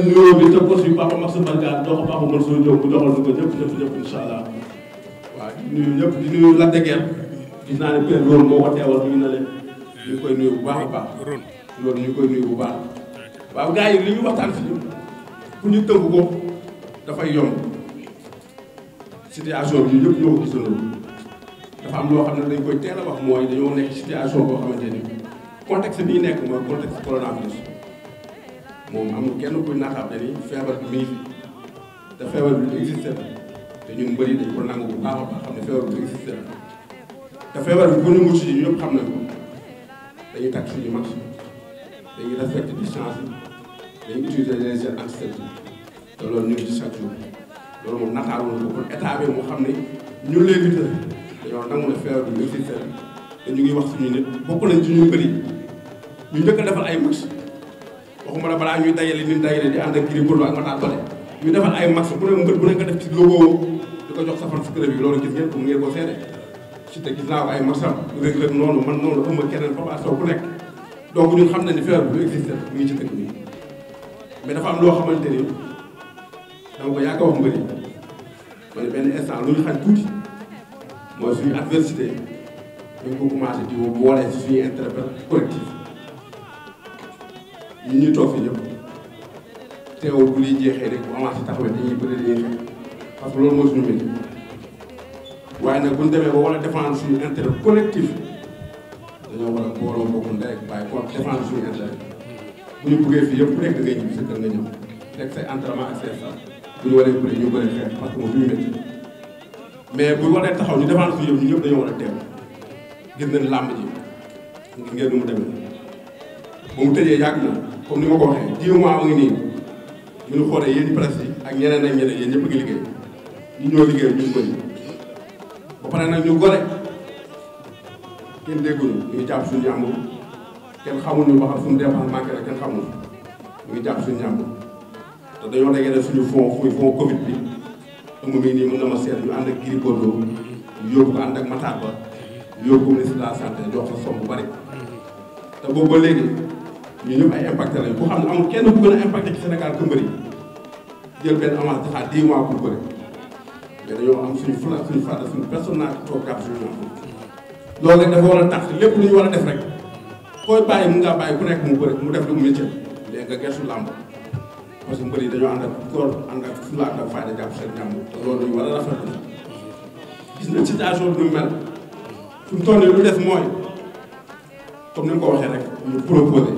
nuyoo bi te pos bi papa Maxime Barga dox papa Mansour Diop bu doxal ko ñëpp ñëpp ñëpp incha allah waaw di nuyu ñëpp di nuyu Lac de Guiers gis naa ne père loolu moo ko teewal ñu ne leen ñu koy nuyu bu baax a baax loolu ñu koy nuyu bu baax waaw gars yi li ñu waxtaan si pour ñu tënk dafay yomb situation bi ñu ñëpp ñoo ko gisandoo dafa am loo xam ne dañ koy teel a wax mooy dañoo nekk situation boo xamante ni contexte bi ñu nekk mooy contexte coronavirus moom amul kenn kuy naataab ni feebar bi mi ngi fi te feebar bi existé na te ñun mbëri dañ ko nangu baax a baax xam ne feebar bi existé na te feebar bi bu ñu mucc yi ñëpp xam nañ ko dañuy takk suñu masque dañuy respecté distance yi dañuy utiliser les gels antiseptiques te loolu ñu ngi ci chaque jour loolu moom nataawoon ko kon état bi moo xam ne ñu léegi dañoo nangu ne feebar bi ñu seen te ñu ngi wax nañ ci ñu bëri ñu njëkk ay match waxuma la balaa ñuy dajale ni dajale di ànd ak Gris Bordeaux ay match bu ne mbër bu ne nga def ci logo di ko jox sa fan si club bi si te gis naa ko ay match am rek rek noonu man noonu ëmb keneen ku nekk xam nañ ne feebar bi lu existé mu mais dafa am loo xamante ni dama ko yàgg a wax mbëri ma benn instant lu ñu xañ tuuti mooy suñu adversité dañ ko commencé di boole si suñu intérêt collectif ñun ñu toog fi ñëpp teewul bu liy jeexee rek bu avancé taxawee dañuy bëri parce que loolu mooy suñu métier bu ñu demee ba war a défendre suñu intérêt collectif dañoo war a booloo bokk ndey ak bàyyi kon défendre buggee fii yëpp ku nekk ngay ñibbi sa kër nga ñëw rek say entraînement ak say sax bu ñu waree bëri ñu bëri xeex parce que moom suñu métier. mais bu waree taxaw ñu défendre fi yëpp ñu ñëpp a teew gis làmb ji ngeen nu mu demee ba mu tëjee yàgg na comme ni ma ko waxee dix mois a nii bu xoolee yéen presse yi ak ñeneen ak ñeneen yéen ñëpp a ngi liggéey ñu ñoo liggéey ñu bëri ba pare nag ñu gore kenn dégguñu ñu jàpp suñu ñàmbur kenn xamuñu ba xam suñu dépense manqué na kenn xamuñu ñu jàpp suñu ñàmbur te dañoo dajale suñu fond fuy Covid bi ëmb mi nii mën na ma seet ñu ànd ak Gris Bordeaux yóbbu ko ànd ak Matar Ba yóbbu ko ministre de la santé jox ko bu bari te boobu ba léegi ñu ñëpp ay impacté lañu bu xam ne amul kenn bu gën a impacté ci Sénégal que mbëri jël benn avance di xaar 10 mois pour bëri am suñu fla suñu fàtte suñu personnage toog gàpp suñu am loolu rek dafa war a tax lépp lu ñu war a def rek koy bàyyi mun ngaa bàyyi ku nekk mu bëri mu def lu mu métier léegi nga parce que mbër yi dañoo ànd ak góor ànd ak fulla ak te a rafetlu gis nañ situation bi nu mel ni nga ko waxee rek ñu proposé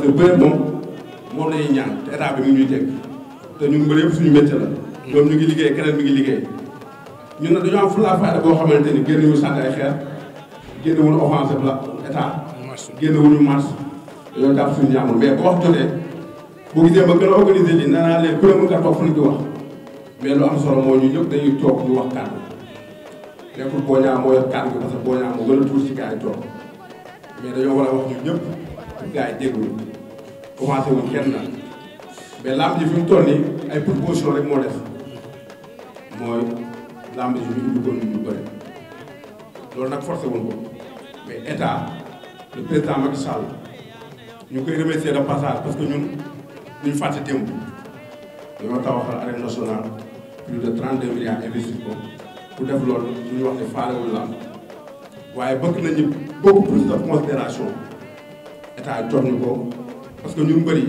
que bëre moom moom lañuy suñu métier la ñoom ñu ngi liggéey xamante ni génn ñu sànni xeer génn wuñu offensive la état génn wuñu dañoo jàpp suñu jàmbur mais bu wax jotee gën a organiser lii nee naa a toog fu ñu di wax mais lu am solo mooy ñu ñëpp dañuy toog ñu wax kàddu nekkul Boña moo yor kàddu parce que Boña moo gën a tuur ci mais dañoo war a wax làmb ji fi mu toll nii ay proposition rek fi ñu duggoon ñu bëri loolu nag forcé wuñ ko mais état le président Macky Sall ñu ngi koy remercier de passage parce que ñun duñ fàtte démb dañoo tabaxal arène nationale plus de def loolu ñu wax ne faalewul la waaye bëgg nañu beaucoup plus de considération état jox ñu ko parce que ñun bëri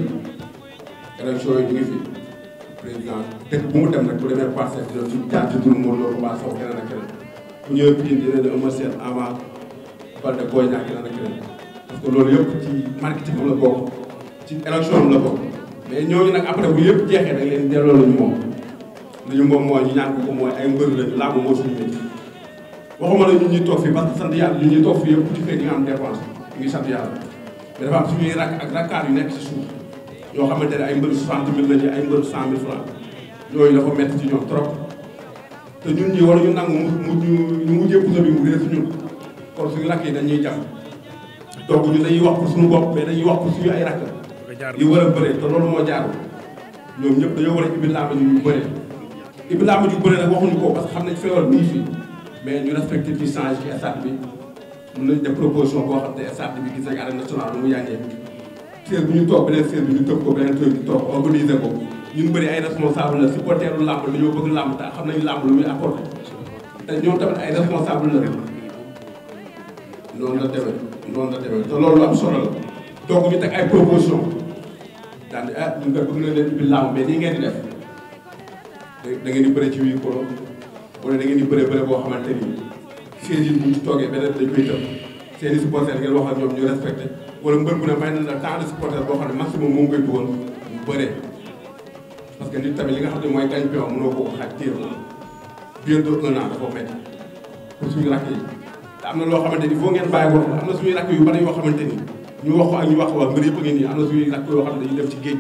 élection yi ñu fi président dëkk bu mu dem rek bu demee passé dina ci jaar ci turu Modou Lo Papa Sow keneen ak keneen bu ñëwee Pikine dina ne Eumeu Sène Ama Baldé Boy Niang keneen ak keneen te loolu yëpp ci marketing am la bokk ci élection am la bokk mais ñooñu nag après bu yëpp jeexee da leen delloo la ñu moom li ñu moom mooy ñu ñaan ko ko mooy ay ñu ñu ñuy toog fii yëpp ci fee di nga am dépense ñu ngi sant yàlla mais dafa am suñuy rak ak rakkaar yu nekk ci suuf yoo xamante ne ay mbëru te ñun ñi war ñu nangu mu mu ñu mujjee puso bi mu réer si ñun kon suñu rakk yi dañuy jàpp donc ñu dañuy wax pour suñu bopp mais dañuy wax pour suñu ay rakk li war a bëree te loolu moo jaarul ñoom ñëpp dañoo war a ibi laama ñu ñu bëree ibi laama ñu bëree nag waxuñu ko parce que xam nañ feebar nii fii mais ñu respecté ci change ci stade bi mun nañ def proposition boo xam ne stade bi gis nañ arène nationale lu mu yàggee seer bi ñu toog beneen seer bi ñu tëb ko beneen seer bi ñu toog organiser ko ñun bëri ay responsable la supporteeru làmb la ñoo bëgg làmb ta xam nañu làmb lu muy apporté te ñoom tamit ay responsable la noonu la demee noonu la demee te loolu am solo la donc ñu teg ay proposition daan di ah ñun kat bëgg na leen ubbi làmb mais nii ngeen di def da ngeen di bëre ci wii kono wala da ngeen di bëre boo xamante ni siège yi bu ñu toogee beneen dañ koy tëb seen i supporter ngeen wax ak ñoom ñu respecté wala mbër bu ne may na la temps boo xam ne maximum moom ngay dugal mu bëree parce que nit tamit li nga xam ne mooy gagne-pain mënoo ko xaaj téye bientôt un an dafa métti pour suñu te am na loo xamante ni foo ngeen bàyyi wax am na suñuy rakk yu bari yoo xamante ni ñu wax ko ak ñu wax waa mbër yëpp a ngi nii am na suñuy rakk yoo xam ne dañuy dem ci géej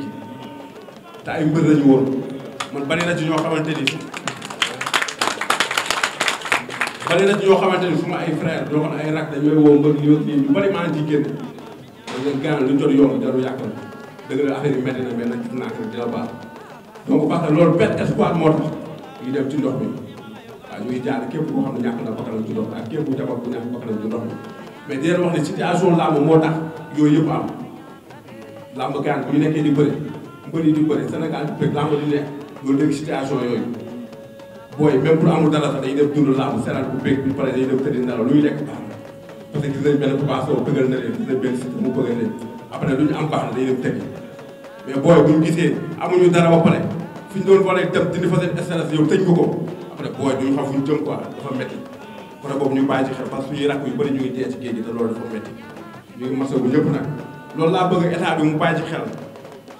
te ay mbër lañu woon man bari na ci xamante ni bari na ay frère ñoo xam ne ay rakk dañooy woo mbër ñu ñu bari maa ngi génn dañ leen gànnaar lu yoon jarul yàqal dëgg la affaire yi métti na mais nag gis naa ko dina baax donc parce que loolu perte espoir moo tax ñu dem ci ndox mi waaw ñuy jaar képp koo xam ne ñàkk na bakkanam ci ndox ak képp ku jabar bu ñàkk bakkanam ci ndox mais di leen wax ne situation làmb moo tax yëpp am làmb gaan bu ñu nekkee di bëre mbër na parce que gis nañ mu lu ñu am baax na dañuy dem tëddi mais booy bu ñu gisee amuñu dara ba pare fi ñu doon booleeg dindi fa seen stress tëj ko ko après booy duñu xam fu ñu jëm quoi dafa métti côté boobu ñu bàyyi ci xel parce que suñuy rakk yu bëri ñu ngi dee ci géej gi te loolu dafa métti ñu ngi masawu ñëpp nag loolu laa bëgg état bi mu bàyyi ci xel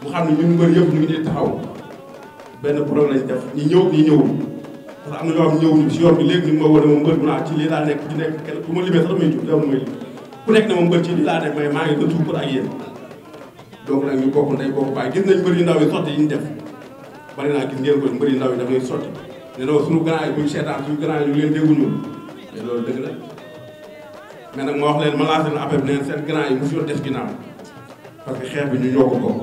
mu xam ne ñu ngi nii taxaw benn problème lañ def ñi ñëw ñi ñëwul parce que am na ñu mu naa ci lii laa nekk ci nekk kenn bu ma limee sax may jub dama may lim ku nekk ne ma mbër ci lii laa nekk may maa ngi dëtu pour ak yéen donc nag ñu bokk ndey bokk baay gis nañ mbër yu ndaw yi sotti yi ñu ne loolu suñu grand yi bu ñu seetaan suñu grand yi ñu leen dégguñu mais loolu dëgg la mais nag ma wax leen ma lancé na appel bi neen seen grand yi mosul def ginnaaw parce que xeex bi ñu ñoo ko bokk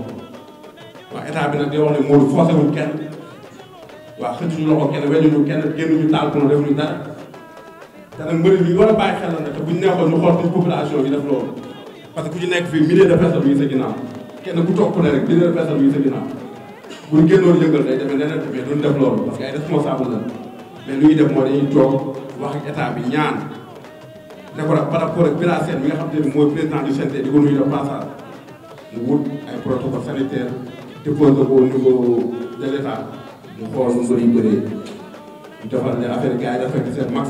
waaw bi nag di wax ne mooy kenn waaw xëccuñu loxo kenn weñuñu kenn génnuñu taal pour ñu dara te nag mbëri bi war a bàyyi xel la nag te buñ nekkoon ñu xool suñ population bi def loolu parce que ku ci nekk fii milliers de personnes yi sa ginnaaw kenn ku toog ku ne rek milliers de personnes yi sa ginnaaw bu ñu génnoon yëngal day demee neneen mais duñ def loolu parce que ay responsable la mais lu ñuy def moo dañuy toog wax ak bi ñaan ne ko nag par rapport ak Bira Sène mi nga xam te ni mooy président du CNT ay protocole sanitaire déposé de l' état mu xool mu bëri bëree ñu defal leen affaire gars yi respecté seen max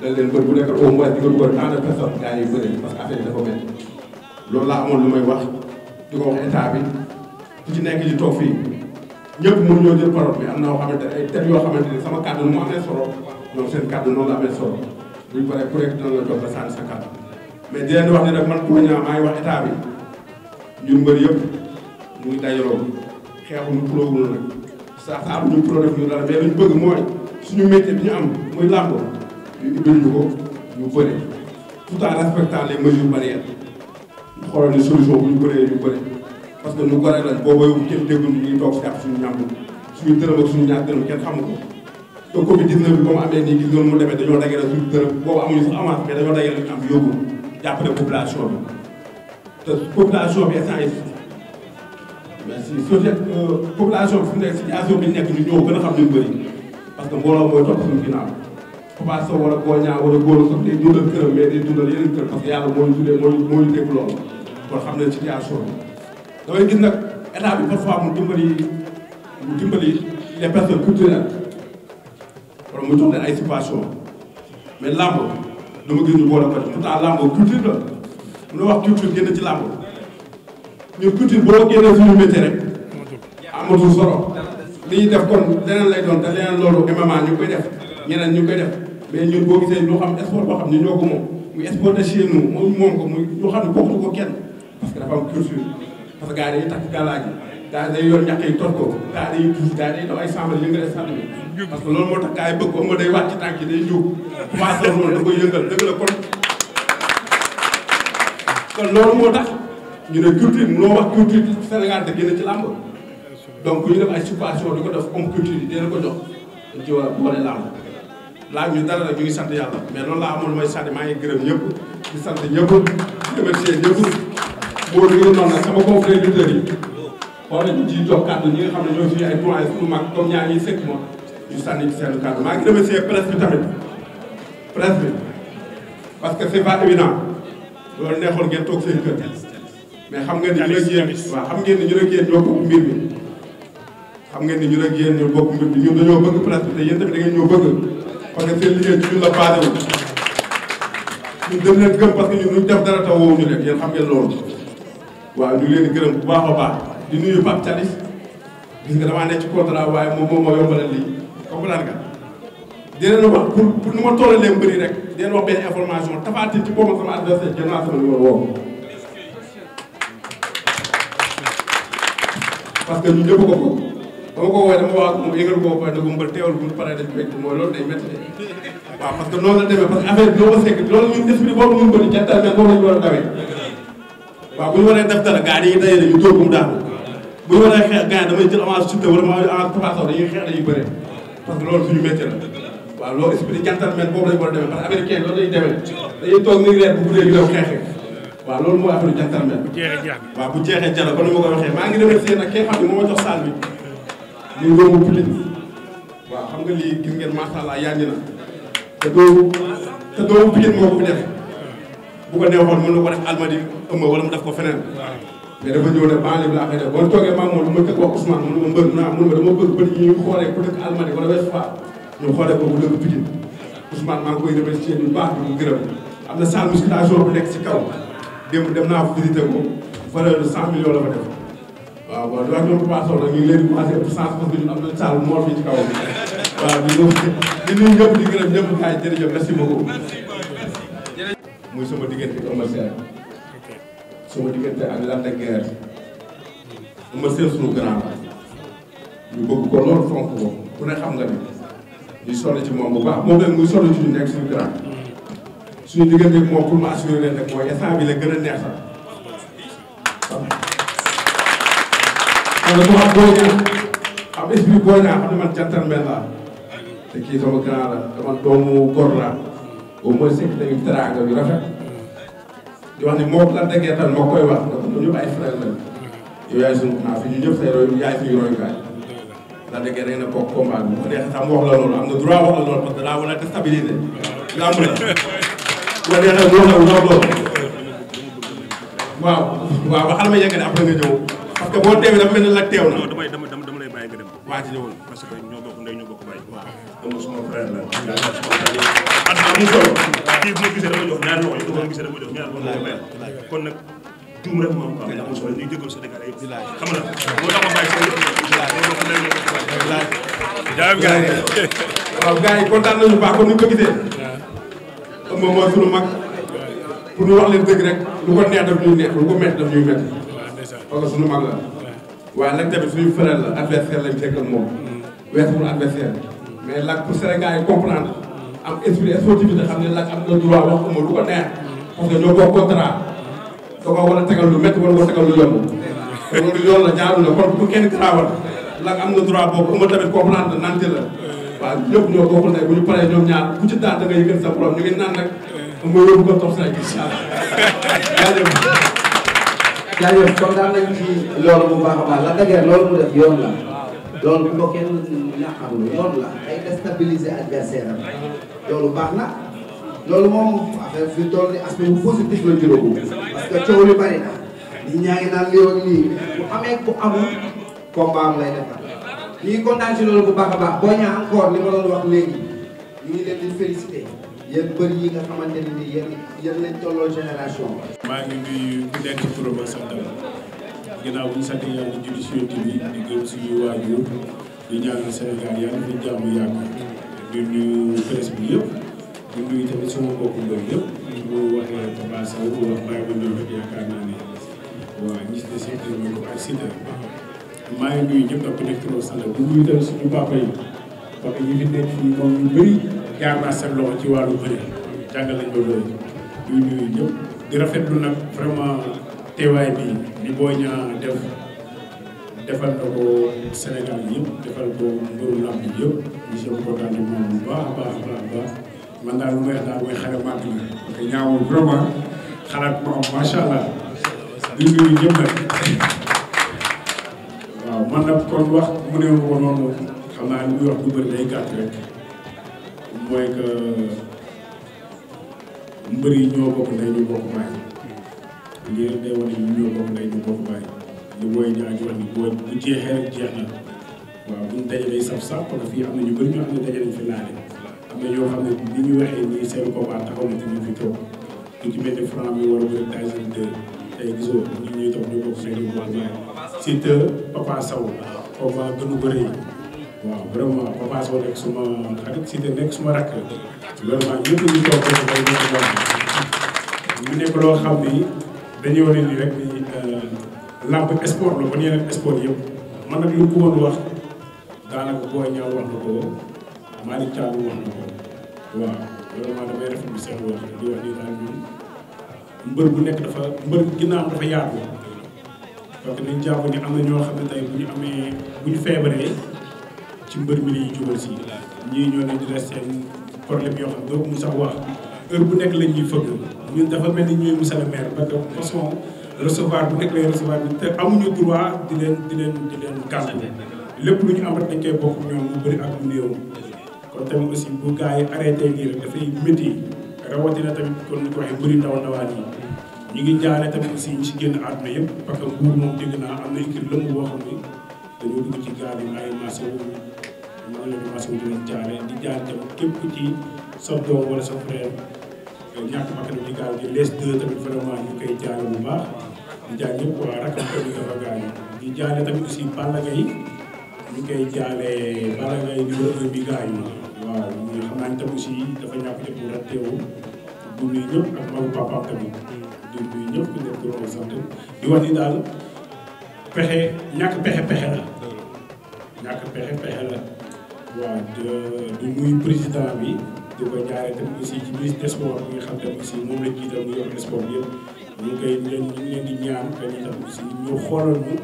dañ leen bëri bu nekk au moins di ko dugal tant de personnes gars yi bëri parce que affaire yi dafa métti laa amoon may wax ñëpp mën ñoo jël parole mais am na yoo xamante ne ay thèmes yoo xamante ne sama kàddu nu mu amee solo ñoom seen kàddu noonu la amee solo buñ paree ku nekk dina la jox ba sànni mais di wax ne nag man pour ñaa maa ngi wax état bi ñun mbër yëpp ñu ngi dajaloo xeexuñu puloowul ñu pulo mais luñ bëgg mooy suñu métier bi ñu am muy làmb ñu ubbil ñu ko ñu bëri tout en respectant les mesures barrières xoolal ni solution bu ñu bëree ñu bëri parce que ñu ko rek lañ boo béyoon kenn dégguñ ñu ngi toog jàpp suñu ñàmbu suñu dërëm suñu ñaar kenn xamu ko te Covid 19 bi amee nii gis noonu mu demee dañoo dagale suñu dërëm boobu amuñu sax avance mais dañoo dagale ñu am yóbbu jàppale te population bi instant yii merci société euh, population bi fu mu nekk situation bi a xam ñu bëri parce que mbooloo mooy topp suñu ginnaaw Papa Sow wala Boña wala góor sax day dundal këram mais day dundal yeneen kër parce que yàlla moo ñu tuddee moo moo damay gis nag état bi parfois mu dimbali mu dimbali les personnes culturelles wala mu jox leen ay subventions mais làmb dama gis ñu boole ko ci pourtant làmb culture la mun na wax culture génn ci làmb ñun culture boo génnee suñu métier rek amatul solo li ñuy def kon leneen lay doon te leneen loolu MMA ñu koy def ñeneen ñu koy def mais ñun boo gisee ñu xam sport boo xam ne ñoo ko moom muy sport de chez moom moom ko muy ñu xam ne bokkuñu ko kenn parce dafa am culture. parce que gars yi dañuy takk gàllaaj gars yi dañuy yor ñàkk yi toj ko yi dañuy daw ay sàmbal yëngale sànni bi parce que loolu moo tax gars yi bëgg ko ëmb day wàcc ci tànk yi day ñëw commencé loolu da koy yëngal dëgg culture Sénégal te génn ci làmb donc ñu def ay subvention di ko def comme culture yi dina ko jox dañ ci war a boole làmb laaj ñu dara rek ñu ngi sant yàlla mais loolu laa amoon mooy sant maa ngi gërëm ñëpp di sant ñëpp di remercier ñëpp moo bi ngeen noonu nag sama confrères yi war nañu ci jox bi tamit presse parce que c'est pas évident loolu neexoon ngeen toog seen kër mais xam ngeen ni ñu ne yéen waaw xam ngeen ni ñu ne yéen ñoo ñu ne yéen bokk mbir mi ñun dañoo bëgg presse bi te yéen tamit da ngeen ñoo bëgg parce que seen liggéey ci ñun la basé wu ñun dem leen gëm parce que ñun luñ dara taw woowu ñu leen yéen xam ngeen loolu waaw ñu ngi leen gërëm bu baax baax di nuyu Pape Thialis gis nga damaa nekk ci contrat waaye moom moom moo yombalal lii comprendre nga. nu ma tollalee mbëri rek di leen wax benn information Tapha ci boppam sama sama numéro woowu. parce que ñun ñëpp ko ko dama ko woowee dama wax mu yëngal ko pare da ko mbër teewal bu ñu paree dañu fekk parce que noonu la demee parce que affaire bi la ñu waaw bu ñu waree def dara gars yi dañuy dajale ñu dóor ko mu daanu la waaw loolu esprit gentleman boobu a bu guddee ñu dem xeexi jeexee jara kon ni ma ko waxee maa ngi remercier nag kii xam ne moo ma jox salle bi ñu ngóobu public waaw xam nga lii gis ngeen macha allah yàgg na te doobu te doobu public moo ko fi bu ko neexoon mën na ko def almadi ëmb wala mu def ko feneen mais dafa ñëw ne banlieue laa koy def boo toogee maam moom lu ma tëkk wax Ousmane mënu ma mbër mu naa mënu ma dama bëgg bët yi ñu xoolee ku dëkk almadi wala Ouest Foire ñu xoolee ko bu dëkk Pikine Ousmane maa ngi koy remercier bu baax di ko gërëm am na salle musculation bu nekk si kaw démb dem naa ko visité ko valeur de cent millions la fa def waaw waaw diwaan ñoom Papa Sow nag ñu ngi leen di commencé pour cent parce que ñun am na salle moor fii ci kaw waaw di nuyu ñëpp di gërëm ñëpp kaay jërëjëf merci beaucoup muy sama diggante ak Eumeu Sène sama diggante ak Lac suñu grand la ñu bëgg ko loolu fonk ko ku ne xam nga ni ñu sonn ci moom bu baax moom nag muy sonn ci ñu nekk suñu grand suñu diggante ak moom pour ma assurer leen rek bi la gën a neex sax wala ku xam boo ñëw am esprit boo xam ne man jantan mel te kii sama grand la dama doomu góor laa au moins sekk nañu teraanga yu rafet di wax ni moo la déggee tan moo koy wax dafa mu ñëpp ay frère la déggee rek na bokk combat bi bu neexee sax mu wax la loolu am na droit wax la loolu parce que daa war a la bu neexee mu ne après nga ñëw parce que boo teewee dafa mel ni dama dama lay bàyyi nga dem. waa ci ñëwoon sama frère la adna mu solo kii bu ma kon nag duum kon ni ko gisee moom mooy sunu mag pour ñu wax leen dëgg rek lu ko neex daf ñuy neex lu ko métti daf ñuy métti parce que sunu mag la waaye nag tamit suñu frère la adversaire lañ fekk ak moom weesu adversaire mais Lac pour Sénégal yi comprendre am esprit sportivité xam am na droit wax ko lu ko neex parce que a tegal lu a tegal lu yomb loolu am na droit boobu ëma tamit comprendre nante la waaw ñëpp ñoo bokk ndey bu ñu paree ñoom ñaar ku ci daan da nga yëgal sa borom ñu ngi naan nag ëma yóbbu ko topp sa incha a loolu bu ko kenn xam yoon la ay déstabiliser adversaire am loolu baax na loolu moom affaire fi toll ni aspect bu positif la juróom parce que coow li bari na ñi ñaa ngi naan lii ak lii bu amee bu amul combat am lay defar ñu ngi kontaan ci loolu bu baax a baax boo ñaa encore li ma doon wax léegi ñu ngi leen di félicité yéen bëri yi nga xamante ne ni yéen yéen lañ tolloo génération ginnaaw bu ñu sant yàlla julli si yonent bi di gërëm suñu waajur di ñaanal Sénégal yàlla fi jàmm yàgg di nuyu bi yëpp di nuyu tamit sama mbokku mbër yëpp bu waxee Papa Sow bu wax Baye Mandione rek yaakaar ñëpp nag ku nekk trop ñu bëri jaar naa loxo ci wàllu bëri jàngal nañ ba loolu ñuy ñëpp di rafetlu nag vraiment. teewaay bi li Boy Niang def defal na ko Sénégal yëpp defal ko mbirum làmb yëpp monsieur kontaan moom bu baax a baax a baax man daal lu may wax naa li muy wax bu bëri day gàtt rek mooy que mbër ñoo bokk ndey ñu bokk baay. ngir day wane ñu ñëw bokk ndey ñu bokk bàyyi li booy di aju wax ni boo bu jeexee rek jeex na waaw buñ dajalee saf saf parce que fii am na ñu bëri ñoo xam ne dajaleñ fi laale am ñu waxee nii seen combat taxaw na te ñu fi a bëri Tyson 2 tey gisoo ñu ñuy toog ñu bokk seen combat Siteu Papa Sow combat gënu bëri waaw vraiment Papa Sow nekk suma nekk suma xam ni dañuy wane ni rek ni euh, làmb sport la ba ni yeneen sport yëpp man nag lu ko woon wax daanaka boo ñëw wax na ko Malick Thiam wax wax mbër bu nekk dafa mbër ginnaaw dafa yaatu. parce que dañ ni am na ñoo xam ne tey bu ñu amee bu ñu feebaree ci mbër mi lañuy jubal si ñii ñoo leen di des seen problème yoo xam doo mu sax wax heure bu nekk lañ fëgg. ñun dafa mel ni ñooy monsieur le maire parce que façon recevoir bu nekk lay recevoir bi te amuñu droit di leen di leen di leen lépp lu ñu am rek dañ koy bokk ñoom mu bëri ak mu néew. kon tamit aussi bu gars yi arrêté lii rek dafay métti rawatina tamit kon ni moom dégg naa am na équipe lëmm boo xam dañoo dugg ci gaal yi ay marché wu ñu leen di marché wu di jaal tamit képp ci sa doom wala sa frère. ñàkk bakkan bi gaaw di les deux tamit vraiment ñu koy jaale bu baax di jaal ñëpp waa rakkam ko ñu di jaale tamit aussi Balla Gaye ñu koy jaale Balla Gaye numéro un bi gaañu waaw ñu xam naa tamit aussi dafa ñàkk jot mu rat du nuyu ñëpp ak magu papa tamit di nuyu ñëpp di nekk ko sant di wax ni du nuyu président bi di ko jaaree tam aussi ci ministre des sports bi nga xam tam aussi mu yor sport ngi koy leen ñu ngi leen di ñaan dañuy tam ñu xoolal ñu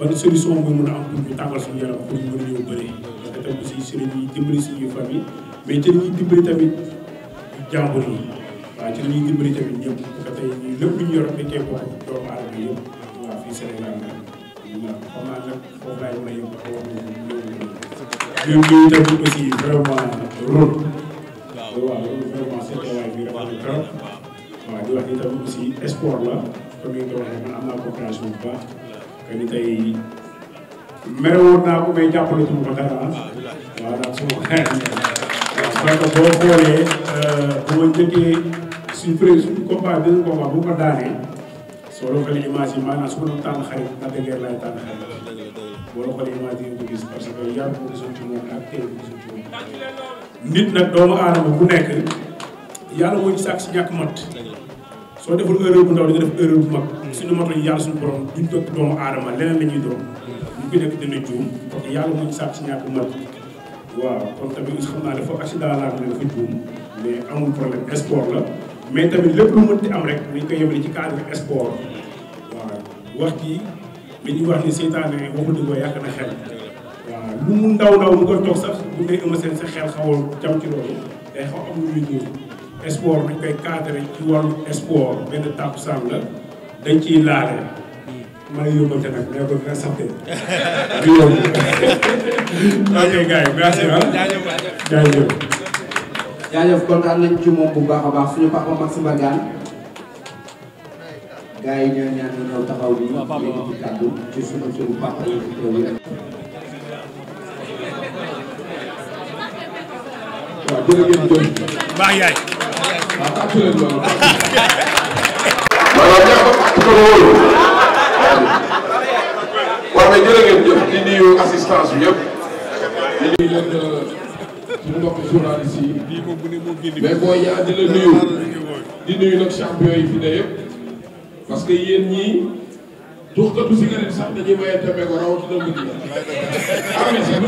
ban solution nga mën a am pour ñu tàngal suñu yaram pour ñu a ñëw bëri parce yor dañ koy bokk doomu a yëpp waaw vraiment seen di wax ni tam aussi sport la comme ni nga waxee man am naa coopération bu baax que ni tey mere naa ko may jàppale ci mu ko dara euh, soo doon xoolee image yi maanaam su ma doon tànn xarit na laay tànn xarit boo doon xoolee image yi nga ko gis parce que yar ko gisoon ci moom ak tey ko gisoon ci moom nit nag doomu aadama bu nekk yàlla moo ñu sàkk si ñàkk mat soo deful erreur ndaw di nga def erreur bu mag suñu matuñ yàlla suñu borom duñ topp doomu aadama leneen la ñuy doon ñu ko nekk dina juum yàlla moo sàkk si ñàkk mat waaw kon tamit xam naa dafa accident laa ne dafa juum mais amul problème sport la mais tamit lépp lu mënti am rek dañ koy yemale ci cadre sport waaw wax ji li ñuy wax ni seytaane waxu dëgg yàq na xel lu mu ndaw ndaw mu koy toog sax bu dee ëmb seen xel xawoon jam ci loolu day xaw am lu muy ñëw sport dañ koy cadré ci wàllu sport benn tàpp sàmm la dañ ciy laale maa ngi yóbbante nag mais ba nga sàppee du yomb ok gars yi merci ah jaajëf jaajëf kontaan nañ ci moom bu baax a baax suñu papa Maxime Bagane gars yi ñoo ñaan ñëw taxaw bi ñu ngi ci kàddu ci suñu suñu papa yi jërë ngeen jëf. baax yaay. waaw tàccu leen loolu. maanaam ñaata ku ko wóolu. waaw di nuyu assistance bi yëpp. di nuyu yaa di la nuyu. di nuyu nag champion yi fi ne parce que yéen ñii. tuxkatu cigarette sax dañuy mayee tembe ko rawatina guddi la. am na solo.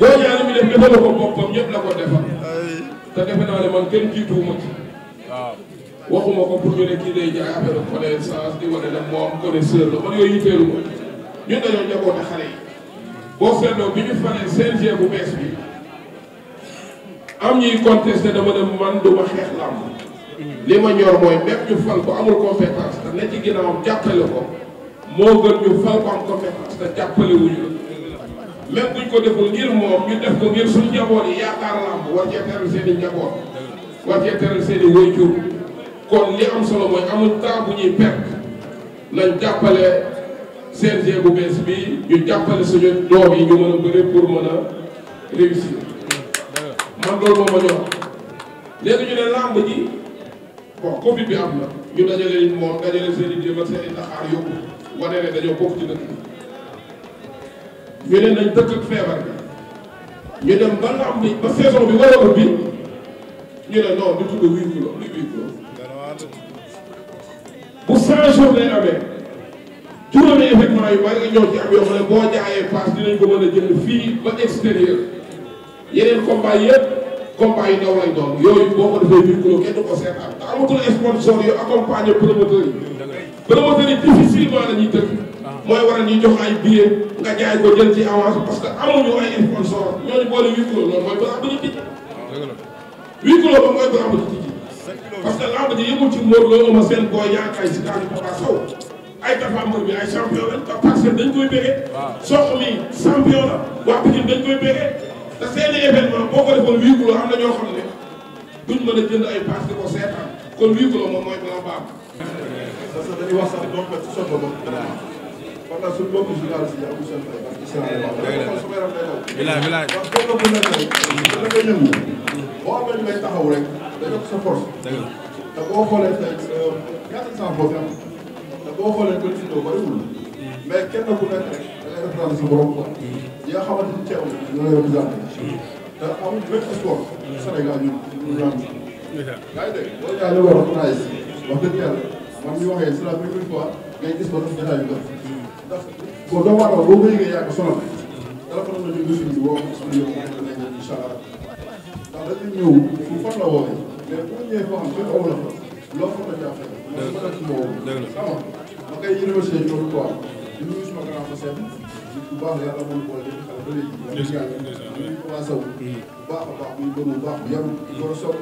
doo ñaari mi def defal ko boppam ñëpp la ko defal. te defe naa ne man kenn jiituwuma ci. waxuma ko pour ñu ne kii day jaay affaire connaissance di wane ne moo am connaisseur la man yooyu yitteelu ma ñun dañoo jagoote xale yi. boo seetloo bi ñu falee CNG bu bees bi. am ñuy contesté dama dem man du xeex làmb li ma ñor mooy même ñu fal ko amul compétence te ne ci ginnaawam jàppale ko moo gën ñu fal ko am compétence te jàppale wuñu même buñ ko deful ngir moom ñu def ko ngir suñu njaboot yi yaakaar làmb war cee teral seen i njaboot am solo mooy amul temps bu bees bi ñu jàppale suñu doom yi ñu mën a bëri pour mën a réussir man loolu moo ma ñor léegi ñu ne làmb ji bon Covid bi am na ñu dajale leen moom dajale seen i jéem ak seen i taxaar yóbbu wane ne dañoo bokk ci dëkk ñu ne dëkk feebar bi ñu dem ba am ni ba saison bi war a ubbi ñu ne non du tudd huit kilos du huit bu cent jours amee juróomi événement yu bari nga ñëw ci am yoo xam ne boo jaayee paas dinañ ko mën a jënd fii ba extérieur yeneen combat yëpp. combat yi ndaw lañ doon yooyu boo ko defee biir kilo kenn du ko seetaan te amatul sponsor yu accompagner promoteur yi. promoteur yi difficilement la ñuy dëkk. mooy waral ñu jox ay billets nga jaay ko jël ci avance parce que amuñu ay sponsor ñooñu boole huit kilos loolu mooy balaa bu ñu tijji. huit kilos ba mooy balaa bu ñu tijji parce que lamb ji yëngu ci Modou Lo Eumeu Sène Boy Niang Kay Siteu ak Papa Sow ay Tapha Mbeur bi ay champion lañ Papa Sow dañ koy bégee. waaw Sokh mi champion la waa Pikine dañ koy bégee. te seen i événement boo ko defoon huis clos am na ñoo xam ne duñ mën a jënd ay pass di ko seetaan kon huis clos moom mooy plan baax. parce que dañuy wax sax donc ci son bopp vraiment. kon nag suñu mbokku journaliste yi amul seen fay. bilaay bilaay parce que boobu nag da nga ñëw boo amee lu may taxaw rek da yokk sa force. dëgg la te boo xoolee tey ñaata saa boobu am te boo xoolee continué bariwul mais kenn ku nekk rek da ngay def sa borom quoi. yi nga xamante ni teewul dina la yomb te amul benn sport Sénégal ñun ñu naan yaa ngi dégg boo jaayee wax wax dëgg yàlla man ñu waxee c'est la première fois ngay gis ba def état bi def ndax boo doo waral boo ko yëgee yaa ko sonal téléphone la ñu ngi suñu woo suñu yow moom la nekk incha allah ndax dañu ñëw fu fan la woowee mais bu ñëwee foo xam kenn awu la fa loo fa la jaafee dëgg la dëgg la xam nga ma koy université ñoom quoi di nuyu suma grand nit ku baax la yàlla mën koo def xale ba léegi. dëgg la dëgg la dëgg la waa Sow. bu baax a baax muy bëri bu baax bu yaru. war a soog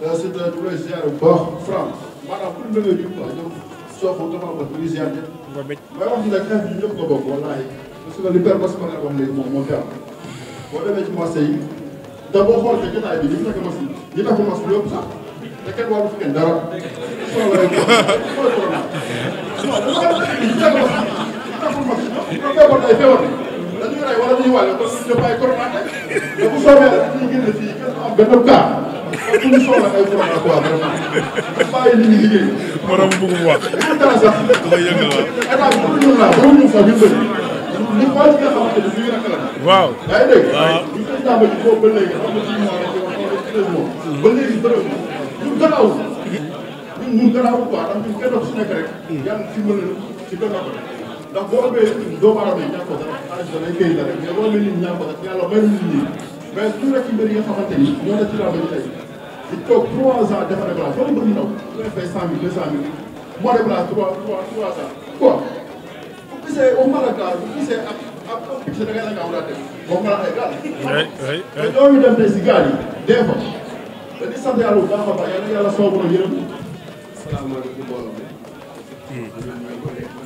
c'est un vrai ziar bu baax France maanaam pour nga ñu quoi ñoom soo ko damaa ko muy ziar ñëpp. nga bëj may wax ne xeex bi ñëpp ko bokk wallaahi. parce que li père Baskone wax léegi moom moo fi am boo demee ci marché yi da boo xool te jotaay bi ñu ngi takk mas yi ñu takk mas yëpp sax te kenn waru fi kenn dara. soxla rek xool corona. non bu ko defee ñu takk mas dañuy rey wala dañuy wàll kon ñun ñëpp ay corona te bu soobee rek ñu génn fii kenn am benn cas pour ñu soxla ay corona quoi vraiment bàyyi li ñu liggéey. maanaam bëgg mu wax. li mu dara sax. lay yëngal waaw état bi pour ñu naan ba ñu fa ñu bëri. li xool nga xamante ne bii naka la. waaw yaa ngi dégg. waaw bu ñu koy jàmba ji foofu ba léegi xam nga ci ñu wax rek moom. ba léegi bërëb ñun gannaaw. ñun ñun gannaaw quoi ndax ñun kenn ku si nekk rek. yàlla ci mën a ci gannaaw ndax boo ëppee doomu aadama yi ñàkk ko sax arrêté day béy la rek mais boo ëppee nit ñi ñàkk ko sax yàlla may nit ñi mais tout rek mbir yi nga xamante ni ñoo def ci làmb ji tey di toog 3 ans defar place foo leen bëgg ndaw su fay 100 000 200 000 moo de place 3 3 3 ans quoi bu gisee au Malaga bu gisee ak ak da ngay la gaaw daa dem moom nga ay gaal. oui oui ñooñu dem tey si gaal yi des fois dañuy sant yàlla bu baax a baax yàlla yàlla soobu na yërëm. salaamaaleykum mbooloo mi. Hmm.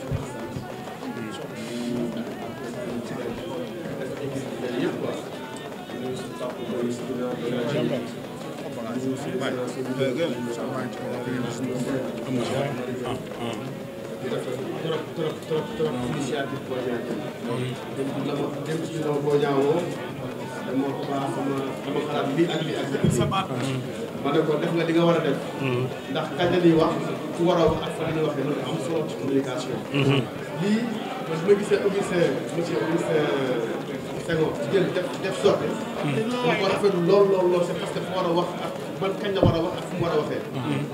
ma ne ko def nga li nga war a def. ndax kañ la ñuy wax ku war a wax ak fan la ñuy wax dama am solo ci communication. lii man su ma gisee monsieur monsieur monsieur. Senghor jël def def sorte ñu hmm. ko rafetlu lool lool lool c'est parce que fu war a wax ak man kañ la war a wax ak fu mu war a waxee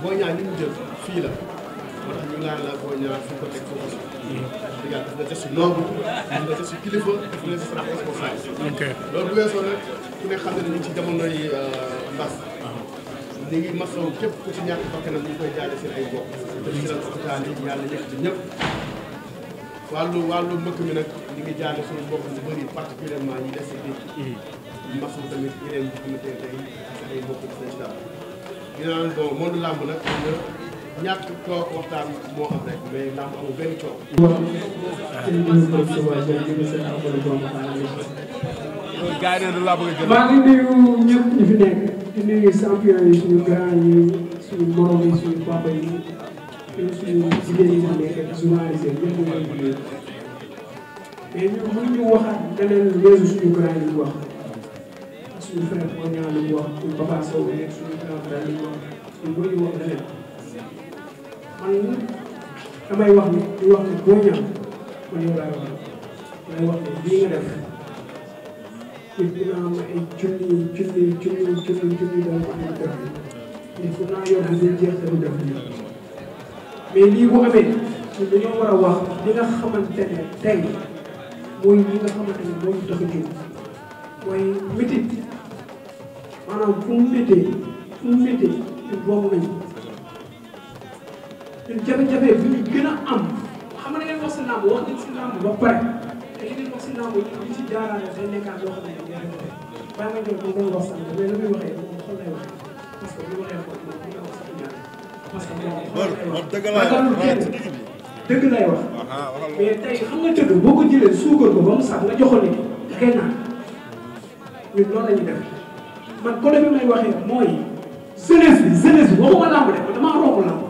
boo ñaar ñu mu jël fii la moo tax ñu ngaan la boo ñaar fu hmm. def na geste noble def na geste kilifa def na geste responsable loolu weesoo nag ku ne xam ne ñu ci jamonoy euh, mbas ñu uh-huh. ngi masaw képp ku ci ñàkk bakkanam ñu koy jaale seen ay bokk hmm. te ci la hôpital yi yàlla yëkkati ñëpp wàllu wàllu mbëkk mi nag ñu ngi jaale suñu mbokk yu bëri particulièrement ñi des si biir. masu tamit yeneen yi xamante ne tey ay mbokk yu seen dara. ginnaaw bon monde làmb nag ñàkk toog fi nekk di nuyu champion yi suñu grand suñu morom suñu papa yi. suñu jigéen ñi nga xam ne journaliste ñëpp ñoo ngi liggéey mais ñun mënuñu waxaat leneen léegi suñu grand yi wax ak suñu frère boo ñaan lu wax suñu papa Sow nekk suñu grand frère yi wax ñun mënuñu wax leneen man damay wax ni di wax ne boo ñaan man yow laay wax damay wax ne lii nga def nit dina am ay junni junni junni junni junni doomu aadama def nit ku naa yor bu dee jeex dama def mais lii bu amee ñun dañoo war a wax li nga xamante ne tey mooy ñi nga xamante ne moo ñu tax a jóg mooy métit maanaam fu mu méttee fu mu méttee ñun boobu nañu ñun jafe-jafe bi ñu gën a am xam nga ngeen wax si làmb wax nañ si làmb ba pare te li ngeen wax si làmb ñu si jaaraale day nekkaat loo xam ne dañ koy rafetee bàyyi nga jël ba nga wax sànq mais li muy waxee moom xol lay waxee parce que li waxee xol dëgg lay wax mais tey xam nga tëdd boo ko jëlee suukar ko ba mu sax nga joxoon ni ngay naan ñun loolu la ñuy def man côté bi may waxee mooy jeunesse bi jeunesse bi waxuma làmb de damaa romb làmb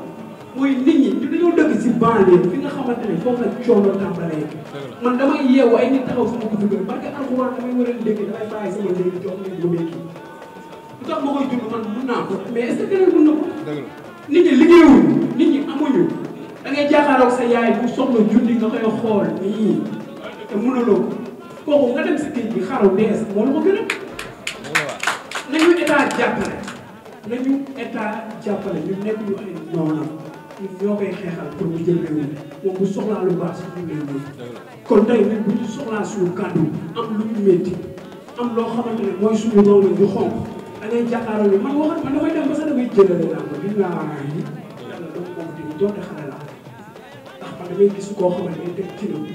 mooy nit ñi ñu dañoo dëkk si banlieue fi nga xamante ne foofu la coono tàmbalee man damay yeewu ay nit taxaw sama guddi gën parce que alxuraan damay war a dégg damay bàyyi sama dégg jox nit lu métti lu tax ma koy dund man mun naa ko mais est ce que keneen mun na ko nit ñi liggéeyul nit ñi amuñu da ngay sa yaay bu soxla junni nga koy xool nii te mënuloo ko kooku nga dem si géej gi xaru dees moo la ko gën a nañu ñoo koy xeexal pour mu jël réew moom bu kon tey nag bu ñu soxlaa suñu kàddu am lu ñu métti am loo xamante ne mooy suñu noonu ñu xonq da ngay jàkkaaroog ñu man man damay dem ba sax damay jëlale daal billaahi yàlla daf ko déglu doonte xale la ndax man damay gis koo xam ne ci te ci biir li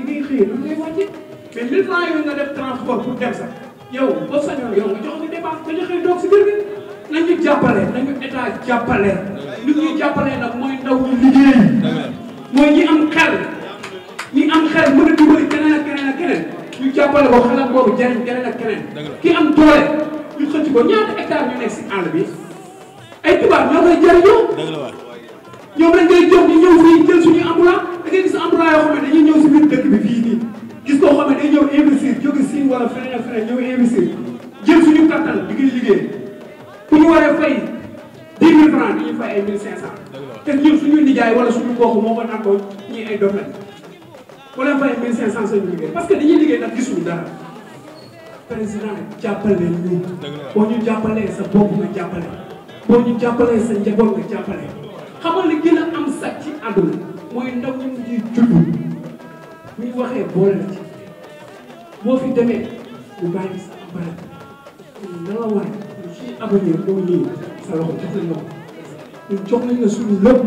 ngay xëy lu nga def transport pour nga jox ñu dépense ba ñu xëy doog si kër gi nañu jàppale nañu état jàppale lu ñuy jàppale nag mooy liggéey mooy ñi am xel ñi am xel mën a dugal keneen ak keneen ak keneen ñu jàppale ko xalaat boobu jëriñ keneen ak keneen. ki am doole ñu xëcc ko ñaata hectare ñu nekk si àll bi ay tubaab ñoo koy jëriñoo. dëgg la waay ñoom lañ koy jox ñu ñëw fii jël suñu emploi da ngay dañuy ñëw si biir dëkk bi fii nii gis koo xam ne day ñëw investir jóge siin wala feneen ak feneen ñëw investir jël suñu kattan di koy liggéey ku ñu waree fay dix mille francs dañuy fay ay mille cinq te ñun suñu nijaay wala suñu kooku moo ko naan ko ñii ay doom lañ ak mille cinq cent liggéey parce que dañuy liggéey nag gisuñu dara président jàppale ñu boo ñu jàppalee sa bopp nga jàppale boo ñu jàppalee sa njaboot nga jàppale xamal li gën a am sax ci àdduna mooy ndaw ñu ngi judd muy waxee boole la ci fi demee bu bàyyi sa appareil na la war sa loxo jox la ñoom ñun jox nañ la suñu lépp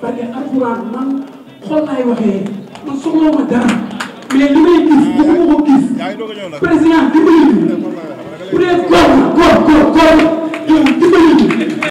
parce que alxuraan man xool laay waxee man soxla ma dara mais li may gis bëgguma ko gis président dimbali ñu bu dee góor góor góor góor yow dimbali ñu